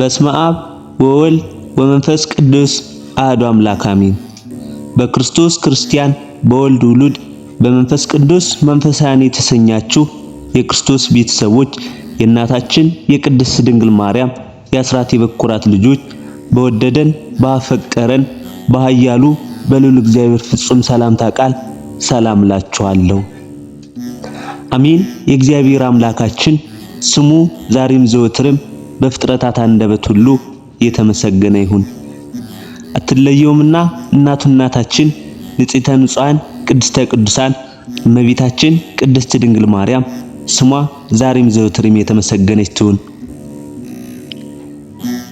በስመ አብ ወወልድ ወመንፈስ ቅዱስ አህዶ አምላክ አሜን። በክርስቶስ ክርስቲያን በወልድ ውሉድ በመንፈስ ቅዱስ መንፈሳውያን የተሰኛችሁ የክርስቶስ ቤተሰቦች የእናታችን የቅድስት ድንግል ማርያም የአስራት የበኩራት ልጆች በወደደን ባፈቀረን በኃያሉ በልዑል እግዚአብሔር ፍጹም ሰላምታ ቃል ሰላም ላችኋለሁ። አሜን። የእግዚአብሔር አምላካችን ስሙ ዛሬም ዘወትርም በፍጥረታት አንደበት ሁሉ የተመሰገነ ይሁን። አትለየውምና እናቱ እናታችን ንጽሕተ ንጹሐን ቅድስተ ቅዱሳን እመቤታችን ቅድስት ድንግል ማርያም ስሟ ዛሬም ዘወትርም የተመሰገነች ትሁን።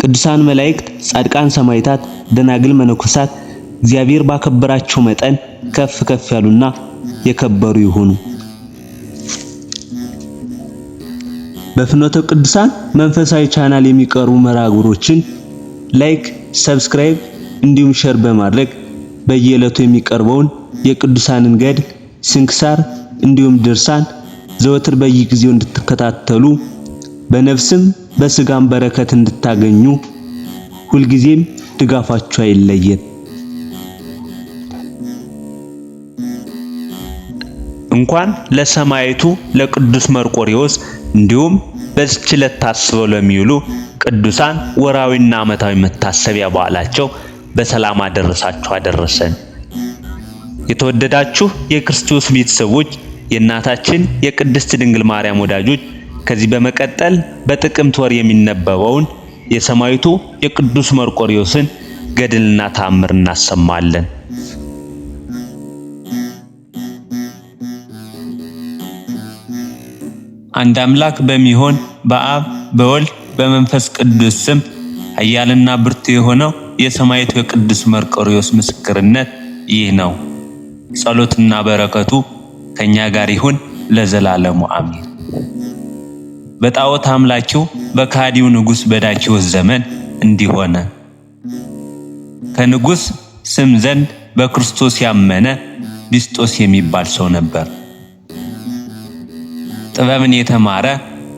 ቅዱሳን መላእክት፣ ጻድቃን፣ ሰማይታት፣ ደናግል፣ መነኮሳት እግዚአብሔር ባከበራቸው መጠን ከፍ ከፍ ያሉና የከበሩ ይሁኑ። በፍኖተ ቅዱሳን መንፈሳዊ ቻናል የሚቀርቡ መራግብሮችን ላይክ፣ ሰብስክራይብ እንዲሁም ሸር በማድረግ በየዕለቱ የሚቀርበውን የቅዱሳንን ገድል፣ ስንክሳር እንዲሁም ድርሳን ዘወትር በየጊዜው እንድትከታተሉ በነፍስም በስጋም በረከት እንድታገኙ ሁልጊዜም ድጋፋችሁ አይለየን። እንኳን ለሰማይቱ ለቅዱስ መርቆሪዎስ እንዲሁም በዚች ዕለት ታስበው ለሚውሉ ቅዱሳን ወራዊና ዓመታዊ መታሰቢያ በዓላቸው በሰላም አደረሳችሁ አደረሰን። የተወደዳችሁ የክርስቶስ ቤተሰቦች፣ የእናታችን የቅድስት ድንግል ማርያም ወዳጆች ከዚህ በመቀጠል በጥቅምት ወር የሚነበበውን የሰማዕቱ የቅዱስ መርቆሪዎስን ገድልና ተአምር እናሰማለን። አንድ አምላክ በሚሆን በአብ በወልድ በመንፈስ ቅዱስ ስም ኃያልና ብርቱ የሆነው የሰማዕቱ የቅዱስ መርቆሬዎስ ምስክርነት ይህ ነው። ጸሎትና በረከቱ ከእኛ ጋር ይሁን ለዘላለሙ አሚን በጣዖት አምላኪው በካዲው ንጉሥ በዳኪዎስ ዘመን እንዲሆነ ከንጉሥ ስም ዘንድ በክርስቶስ ያመነ ቢስጦስ የሚባል ሰው ነበር። ጥበብን የተማረ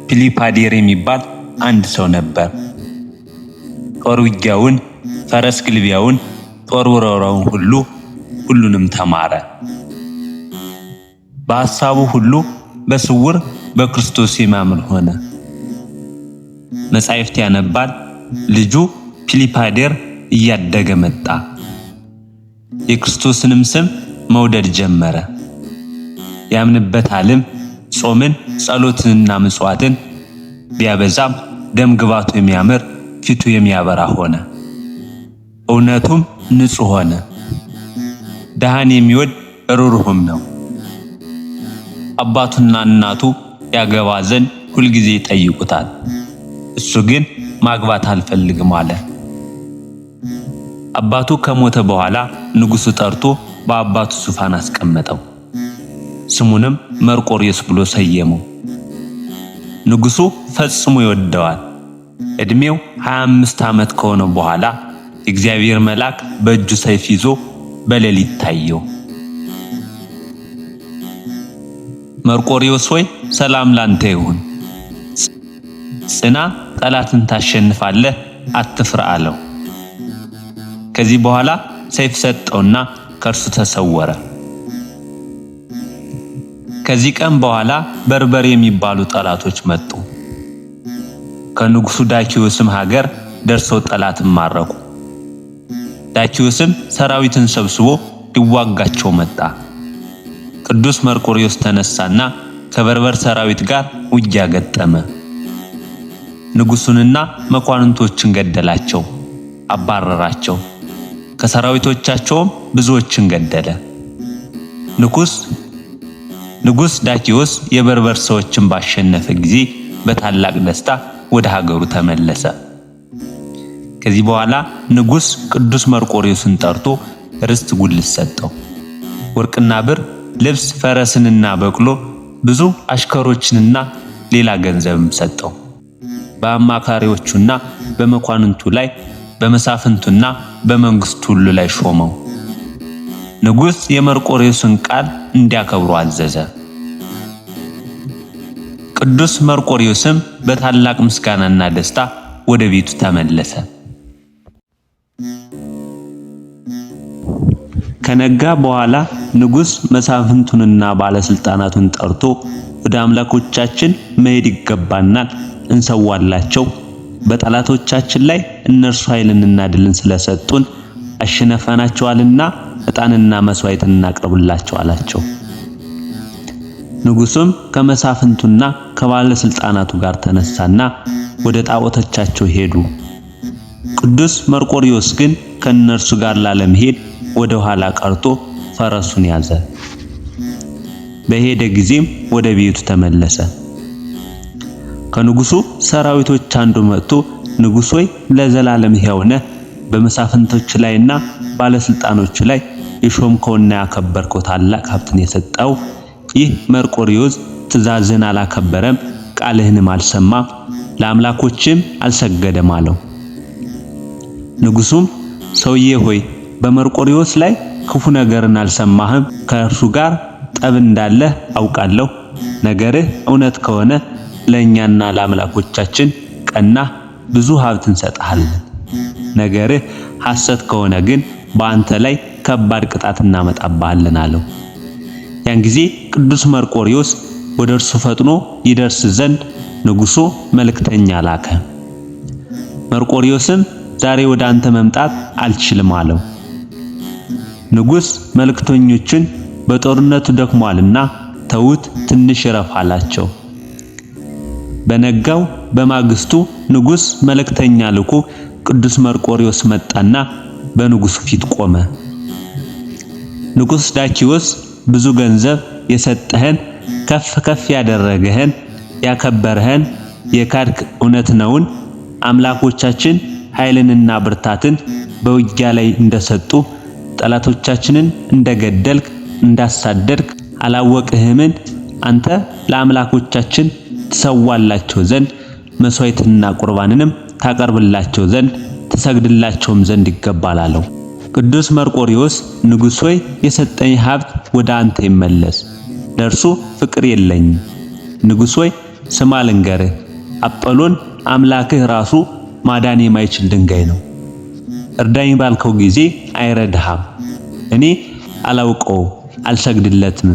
ፒሊፓዴር የሚባል አንድ ሰው ነበር። ጦር ውጊያውን፣ ፈረስ ግልቢያውን፣ ጦር ውረራውን ሁሉ ሁሉንም ተማረ። በሐሳቡ ሁሉ በስውር በክርስቶስ የሚያምን ሆነ። መጻሕፍት ያነባል። ልጁ ፒሊፓዴር እያደገ መጣ። የክርስቶስንም ስም መውደድ ጀመረ። ያምንበታልም ጾምን፣ ጸሎትንና ምጽዋትን ቢያበዛም ደም ግባቱ የሚያምር ፊቱ የሚያበራ ሆነ፣ እውነቱም ንጹሕ ሆነ። ድሃን የሚወድ ርሩህም ነው። አባቱና እናቱ ያገባ ዘንድ ሁልጊዜ ይጠይቁታል፣ እሱ ግን ማግባት አልፈልግም አለ። አባቱ ከሞተ በኋላ ንጉሡ ጠርቶ በአባቱ ዙፋን አስቀመጠው። ስሙንም መርቆሪዮስ ብሎ ሰየመው። ንጉሡ ፈጽሞ ይወደዋል። ዕድሜው 25 ዓመት ከሆነ በኋላ እግዚአብሔር መልአክ በእጁ ሰይፍ ይዞ በሌሊት ታየው። መርቆሪዮስ ሆይ ሰላም ላንተ ይሁን፣ ጽና፣ ጠላትን ታሸንፋለህ፣ አትፍራ አለው። ከዚህ በኋላ ሰይፍ ሰጠውና ከእርሱ ተሰወረ። ከዚህ ቀን በኋላ በርበር የሚባሉ ጠላቶች መጡ። ከንጉሱ ዳኪዮስም ሀገር ደርሰው ጠላትን ማረኩ። ዳኪዮስም ሰራዊትን ሰብስቦ ሊዋጋቸው መጣ። ቅዱስ መርቆሪዎስ ተነሳና ከበርበር ሰራዊት ጋር ውጊያ ገጠመ። ንጉሱንና መኳንንቶችን ገደላቸው፣ አባረራቸው። ከሰራዊቶቻቸውም ብዙዎችን ገደለ። ንጉሥ ንጉሥ ዳኪዎስ የበርበር ሰዎችን ባሸነፈ ጊዜ በታላቅ ደስታ ወደ ሀገሩ ተመለሰ። ከዚህ በኋላ ንጉሥ ቅዱስ መርቆሬዎስን ጠርቶ ርስት ጉልት ሰጠው። ወርቅና ብር፣ ልብስ፣ ፈረስንና በቅሎ፣ ብዙ አሽከሮችንና ሌላ ገንዘብም ሰጠው። በአማካሪዎቹና በመኳንንቱ ላይ በመሳፍንቱና በመንግስቱ ሁሉ ላይ ሾመው። ንጉሥ የመርቆሬዎስን ቃል እንዲያከብሩ አዘዘ። ቅዱስ መርቆሬዎስም በታላቅ ምስጋናና ደስታ ወደ ቤቱ ተመለሰ። ከነጋ በኋላ ንጉሥ መሳፍንቱንና ባለስልጣናቱን ጠርቶ ወደ አምላኮቻችን መሄድ ይገባናል፣ እንሰዋላቸው በጠላቶቻችን ላይ እነርሱ ኃይልንና ድልን ስለሰጡን አሸነፈናቸዋልና ዕጣንና መስዋዕት እናቅርብላቸው አላቸው። ንጉሱም ከመሳፍንቱና ከባለ ስልጣናቱ ጋር ተነሳና ወደ ጣዖቶቻቸው ሄዱ። ቅዱስ መርቆሪዎስ ግን ከነርሱ ጋር ላለመሄድ ወደ ኋላ ቀርቶ ፈረሱን ያዘ። በሄደ ጊዜም ወደ ቤቱ ተመለሰ። ከንጉሱ ሰራዊቶች አንዱ መጥቶ ንጉሥ ለዘላለም ሕያው ነህ በመሳፍንቶች ላይና ባለስልጣኖች ላይ የሾምከውና ያከበርከው ታላቅ ሀብትን የሰጠው ይህ መርቆሪዎስ ትእዛዝህን አላከበረም፣ ቃልህንም አልሰማም ለአምላኮችም አልሰገደም አለው። ንጉሱም ሰውዬ ሆይ በመርቆሪዎስ ላይ ክፉ ነገርን አልሰማህም፣ ከእርሱ ጋር ጠብ እንዳለህ አውቃለሁ። ነገርህ እውነት ከሆነ ለእኛና ለአምላኮቻችን ቀና ብዙ ሀብት እንሰጥሃለን። ነገርህ ሐሰት ከሆነ ግን በአንተ ላይ ከባድ ቅጣት እናመጣብሃለን አለው። ያን ጊዜ ቅዱስ መርቆሪዮስ ወደ እርሱ ፈጥኖ ይደርስ ዘንድ ንጉሡ መልእክተኛ ላከ። መርቆሪዮስም ዛሬ ወደ አንተ መምጣት አልችልም አለው። ንጉሥ መልእክተኞችን በጦርነቱ ደክሟልና ተዉት፣ ትንሽ እረፍ አላቸው። በነጋው በማግስቱ ንጉሥ መልእክተኛ ልኩ ቅዱስ መርቆሪዎስ መጣና በንጉሥ ፊት ቆመ። ንጉሥ ዳኪዎስ ብዙ ገንዘብ የሰጠህን ከፍ ከፍ ያደረገህን ያከበረህን የካድክ እውነት ነውን? አምላኮቻችን ኃይልንና ብርታትን በውጊያ ላይ እንደሰጡ ጠላቶቻችንን እንደገደልክ እንዳሳደድክ አላወቅህምን? አንተ ለአምላኮቻችን ትሰዋላቸው ዘንድ መስዋዕትና ቁርባንንም ታቀርብላቸው ዘንድ ትሰግድላቸውም ዘንድ ይገባል አለው። ቅዱስ መርቆሪዎስ ንጉሥ ሆይ የሰጠኝ ሀብት ወደ አንተ ይመለስ፣ ለእርሱ ፍቅር የለኝም። ንጉሥ ሆይ ስማ ልንገርህ፣ አጵሎን አምላክህ ራሱ ማዳን የማይችል ድንጋይ ነው። እርዳኝ ባልከው ጊዜ አይረድሃም። እኔ አላውቀው አልሰግድለትም።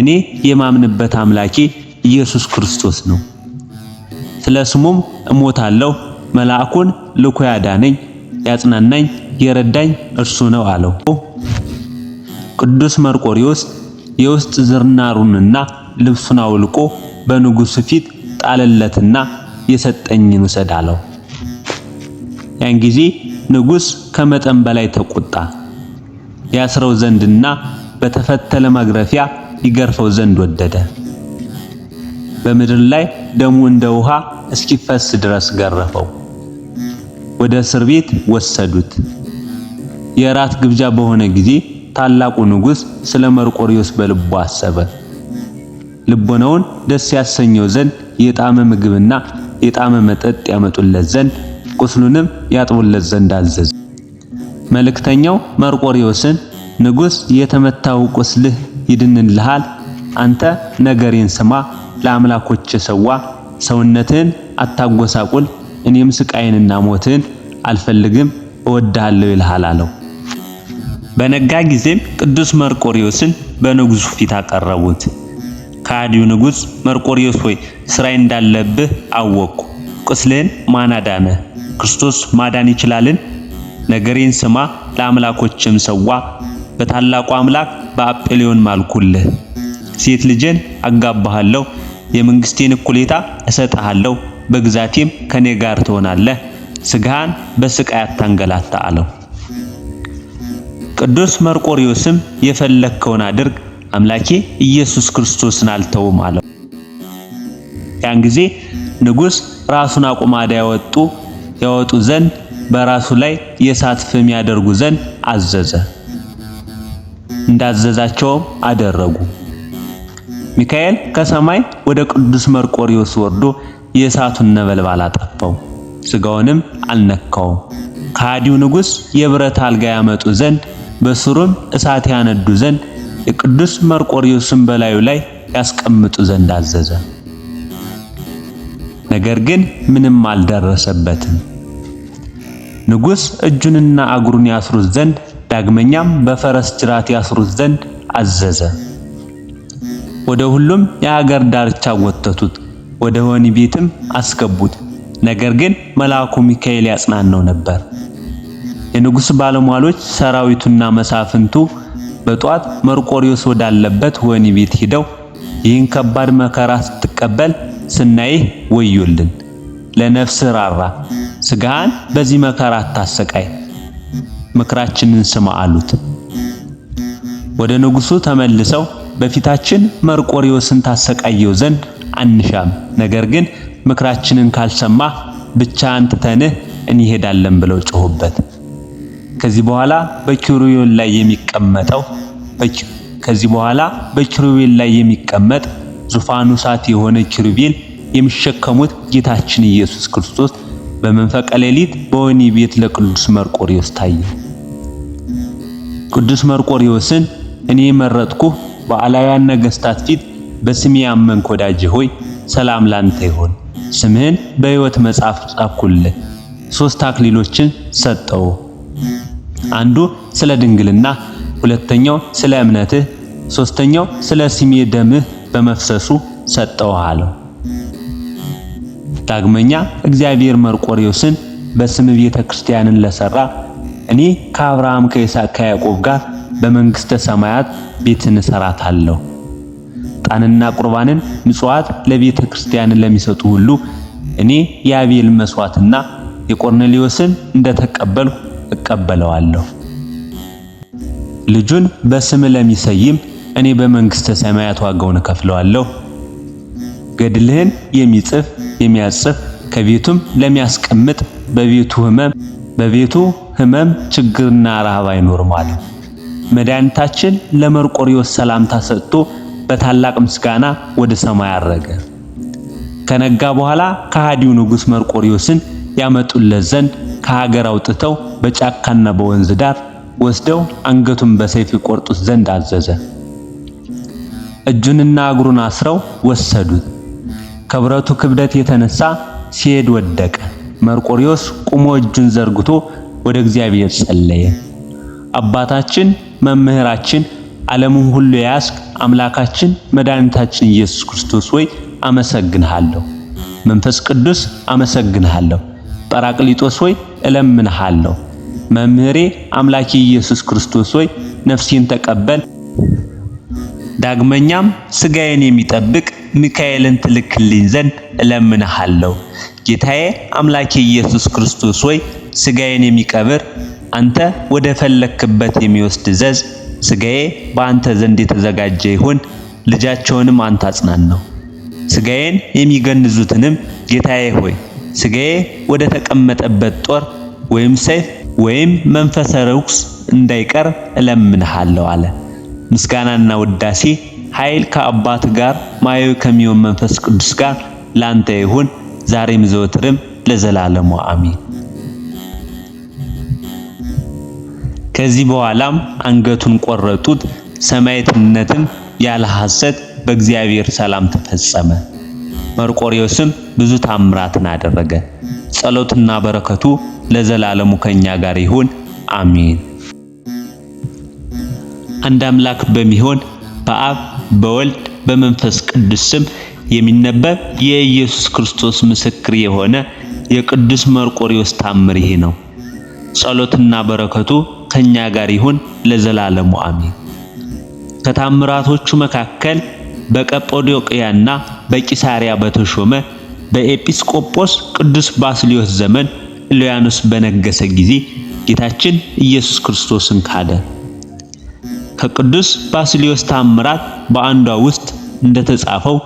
እኔ የማምንበት አምላኬ ኢየሱስ ክርስቶስ ነው። ስለ ስሙም እሞታለሁ፣ መልአኩን ልኮ ያዳነኝ፣ ያጽናናኝ፣ የረዳኝ እርሱ ነው አለው። ቅዱስ መርቆሪዎስ የውስጥ ዝርናሩንና ልብሱን አውልቆ በንጉሱ ፊት ጣለለትና የሰጠኝን ውሰድ አለው። ያን ጊዜ ንጉስ ከመጠን በላይ ተቆጣ። ያስረው ዘንድና በተፈተለ ማግረፊያ ይገርፈው ዘንድ ወደደ። በምድር ላይ ደሙ እንደ ውሃ እስኪፈስ ድረስ ገረፈው፣ ወደ እስር ቤት ወሰዱት። የራት ግብዣ በሆነ ጊዜ ታላቁ ንጉሥ ስለ መርቆሪዮስ በልቡ አሰበ። ልቦናውን ደስ ያሰኘው ዘንድ የጣመ ምግብና የጣመ መጠጥ ያመጡለት ዘንድ ቁስሉንም ያጥቡለት ዘንድ አዘዘ። መልእክተኛው መርቆሪዮስን ንጉሥ የተመታው ቁስልህ ይድንልሃል አንተ ነገሬን ስማ፣ ለአምላኮች ሰዋ፣ ሰውነትን አታጎሳቁል፣ እኔም ስቃይንና ሞትን አልፈልግም እወድሃለሁ ይልሃል አለው። በነጋ ጊዜም ቅዱስ መርቆሪዮስን በንጉሱ ፊት አቀረቡት። ከሃዲው ንጉስ መርቆሪዮስ ሆይ ስራይ እንዳለብህ አወቅኩ። ቁስልን ማን አዳነ? ክርስቶስ ማዳን ይችላልን? ነገሬን ስማ፣ ለአምላኮችም ሰዋ፣ በታላቁ አምላክ በአጵሌዮን ማልኩልህ። ሴት ልጄን አጋባሃለሁ፣ የመንግስቴን እኩሌታ እሰጥሃለሁ፣ በግዛቴም ከኔ ጋር ትሆናለህ፣ ስጋህን በስቃይ አታንገላታ አለው። ቅዱስ መርቆሪዎስም የፈለግከውን አድርግ አምላኬ ኢየሱስ ክርስቶስን አልተውም አለው። ያን ጊዜ ንጉሥ ራሱን አቁማዳ ያወጡ ያወጡ ዘንድ በራሱ ላይ የእሳት ፍም ያደርጉ ዘንድ አዘዘ። እንዳዘዛቸውም አደረጉ። ሚካኤል ከሰማይ ወደ ቅዱስ መርቆሪዎስ ወርዶ የእሳቱን ነበልባል አጠፋው፣ ስጋውንም አልነካውም። ከሃዲው ንጉሥ የብረት አልጋ ያመጡ ዘንድ በስሩም እሳት ያነዱ ዘንድ የቅዱስ መርቆሪዎስን በላዩ ላይ ያስቀምጡ ዘንድ አዘዘ። ነገር ግን ምንም አልደረሰበትም። ንጉሥ እጁንና እግሩን ያስሩት ዘንድ ዳግመኛም በፈረስ ጅራት ያስሩት ዘንድ አዘዘ። ወደ ሁሉም የሀገር ዳርቻ ወተቱት፣ ወደ ወህኒ ቤትም አስገቡት። ነገር ግን መልአኩ ሚካኤል ያጽናነው ነበር። የንጉሥ ባለሟሎች ሰራዊቱና መሳፍንቱ በጧት መርቆሪዎስ ወዳለበት ወህኒ ቤት ሂደው ይህን ከባድ መከራ ስትቀበል ስናይህ ወዮልን፣ ለነፍስ ራራ፣ ስጋህን በዚህ መከራ አታሰቃይ፣ ምክራችንን ስማ አሉት። ወደ ንጉሱ ተመልሰው በፊታችን መርቆሪዎስን ታሰቃየው ዘንድ አንሻም። ነገር ግን ምክራችንን ካልሰማ ብቻ አንትተንህ እንሄዳለን ብለው ጮሁበት። ከዚህ በኋላ በኪሩቤል ላይ የሚቀመጠው ከዚህ በኋላ በኪሩቤል ላይ የሚቀመጥ ዙፋኑ እሳት የሆነ ኪሩቤል የሚሸከሙት ጌታችን ኢየሱስ ክርስቶስ በመንፈቀ ሌሊት ቤት ለቅዱስ መርቆሪዎስ ታየ። ቅዱስ መርቆሪዎስን እኔ መረጥኩህ በአላውያን ነገስታት ፊት በስሜ ያመንክ ወዳጄ ሆይ ሰላም ላንተ ይሆን። ስምህን በሕይወት መጽሐፍ ጻፍኩልህ። ሶስት አክሊሎችን ሰጠው። አንዱ ስለ ድንግልና፣ ሁለተኛው ስለ እምነትህ፣ ሶስተኛው ስለ ስሜ ደምህ በመፍሰሱ ሰጠው አለው። ዳግመኛ እግዚአብሔር መርቆሬዎስን በስም ቤተ ክርስቲያንን ለሰራ እኔ ከአብርሃም ከይስሐቅ ከያዕቆብ ጋር በመንግሥተ ሰማያት ቤትን እሰራታለሁ። ዕጣንና ቁርባንን ምጽዋት ለቤተ ክርስቲያን ለሚሰጡ ሁሉ እኔ የአቤል መስዋዕትና የቆርኔሊዮስን እንደተቀበልሁ እቀበለዋለሁ። ልጁን በስም ለሚሰይም እኔ በመንግሥተ ሰማያት ዋጋውን እከፍለዋለሁ። ገድልህን የሚጽፍ የሚያጽፍ ከቤቱም ለሚያስቀምጥ በቤቱ ሕመም በቤቱ ሕመም ችግርና ረሃብ አይኖርም መድኃኒታችን ለመርቆሪዎስ ሰላምታ ሰጥቶ በታላቅ ምስጋና ወደ ሰማይ አረገ። ከነጋ በኋላ ከሃዲው ንጉሥ መርቆሪዎስን ያመጡለት ዘንድ ከሀገር አውጥተው በጫካና በወንዝ ዳር ወስደው አንገቱን በሰይፍ ይቆርጡት ዘንድ አዘዘ። እጁንና እግሩን አስረው ወሰዱት። ከብረቱ ክብደት የተነሳ ሲሄድ ወደቀ። መርቆሪዎስ ቁሞ እጁን ዘርግቶ ወደ እግዚአብሔር ጸለየ። አባታችን መምህራችን ዓለሙን ሁሉ የያዝክ አምላካችን መድኃኒታችን ኢየሱስ ክርስቶስ ወይ አመሰግንሃለሁ። መንፈስ ቅዱስ አመሰግንሃለሁ። ጳራቅሊጦስ ወይ እለምንሃለሁ። መምህሬ አምላኬ ኢየሱስ ክርስቶስ ወይ ነፍሴን ተቀበል። ዳግመኛም ስጋዬን የሚጠብቅ ሚካኤልን ትልክልኝ ዘንድ እለምንሃለሁ። ጌታዬ አምላኬ ኢየሱስ ክርስቶስ ወይ ስጋዬን የሚቀብር አንተ ወደ ፈለክበት የሚወስድ ዘዝ ስጋዬ በአንተ ዘንድ የተዘጋጀ ይሁን፣ ልጃቸውንም አንተ አጽናን ነው። ስጋዬን የሚገንዙትንም ጌታዬ ሆይ ስጋዬ ወደ ተቀመጠበት ጦር ወይም ሰይፍ ወይም መንፈሰ ርኩስ እንዳይቀር እለምንሃለሁ አለ። ምስጋናና ውዳሴ ኃይል ከአባት ጋር ማየው ከሚሆን መንፈስ ቅዱስ ጋር ላንተ ይሁን ዛሬም ዘወትርም ለዘላለሙ አሜን። ከዚህ በኋላም አንገቱን ቆረጡት። ሰማዕትነትም ያለ ሐሰት በእግዚአብሔር ሰላም ተፈጸመ። መርቆሪዎስም ብዙ ታምራትን አደረገ። ጸሎትና በረከቱ ለዘላለሙ ከኛ ጋር ይሁን፣ አሚን። አንድ አምላክ በሚሆን በአብ በወልድ በመንፈስ ቅዱስ ስም የሚነበብ የኢየሱስ ክርስቶስ ምስክር የሆነ የቅዱስ መርቆሬዎስ ታምር ይሄ ነው። ጸሎትና በረከቱ ከኛ ጋር ይሁን ለዘላለሙ አሚን። ከታምራቶቹ መካከል በቀጶዶቅያና በቂሳሪያ በተሾመ በኤጲስቆጶስ ቅዱስ ባስሊዮስ ዘመን ኢልያኖስ በነገሰ ጊዜ ጌታችን ኢየሱስ ክርስቶስን ካደ። ከቅዱስ ባስሊዮስ ታምራት በአንዷ ውስጥ እንደተጻፈው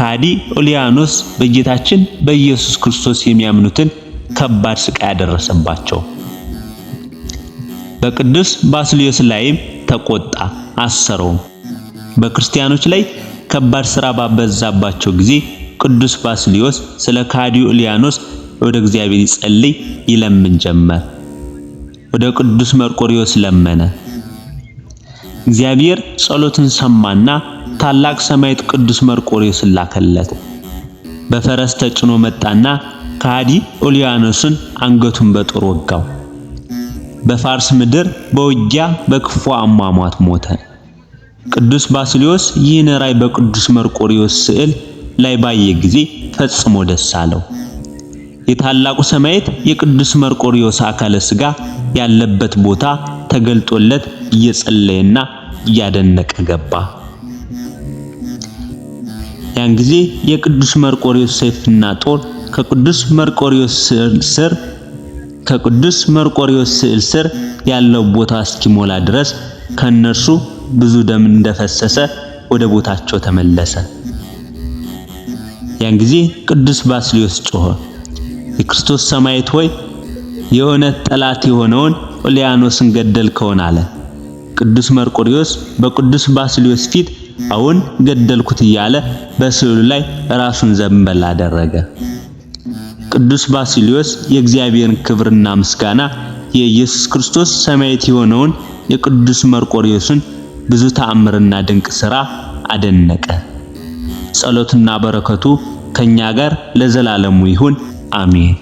ካዲ ኢልያኖስ በጌታችን በኢየሱስ ክርስቶስ የሚያምኑትን ከባድ ስቃይ ያደረሰባቸው በቅዱስ ባስልዮስ ላይም ተቆጣ፣ አሰረውም። በክርስቲያኖች ላይ ከባድ ሥራ ባበዛባቸው ጊዜ ቅዱስ ባስልዮስ ስለ ካዲው ኢልያኖስ ወደ እግዚአብሔር ይጸልይ ይለምን ጀመር። ወደ ቅዱስ መርቆሪዮስ ለመነ። እግዚአብሔር ጸሎትን ሰማና ታላቅ ሰማዕት ቅዱስ መርቆሪዮስ ላከለት። በፈረስ ተጭኖ መጣና ከሃዲ ኢልያኖስን አንገቱን በጦር ወጋው። በፋርስ ምድር በውጊያ በክፉ አሟሟት ሞተ። ቅዱስ ባስልዮስ ይህን ራእይ በቅዱስ መርቆሪዎስ ስዕል ላይ ባየ ጊዜ ፈጽሞ ደስ አለው። የታላቁ ሰማዕት የቅዱስ መርቆሪዎስ አካለ ስጋ ያለበት ቦታ ተገልጦለት እየጸለየና እያደነቀ ገባ። ያን ጊዜ የቅዱስ መርቆሪዎስ ሰይፍና ጦር ከቅዱስ መርቆሪዎስ ስር ከቅዱስ መርቆሪዎስ ስዕል ስር ያለው ቦታ እስኪሞላ ድረስ ከነርሱ ብዙ ደም እንደፈሰሰ ወደ ቦታቸው ተመለሰ። ያን ጊዜ ቅዱስ ባስሊዮስ ጮኸ፣ የክርስቶስ ሰማዕት ሆይ የእውነት ጠላት የሆነውን ኦሊያኖስን ገደልከውን አለ። ቅዱስ መርቆሪዎስ በቅዱስ ባስሊዮስ ፊት አሁን ገደልኩት እያለ በስዕሉ ላይ ራሱን ዘንበል አደረገ። ቅዱስ ባሲሊዮስ የእግዚአብሔርን ክብርና ምስጋና የኢየሱስ ክርስቶስ ሰማዕት የሆነውን የቅዱስ መርቆሪዮስን ብዙ ተአምርና ድንቅ ሥራ አደነቀ። ጸሎትና በረከቱ ከኛ ጋር ለዘላለሙ ይሁን፣ አሜን።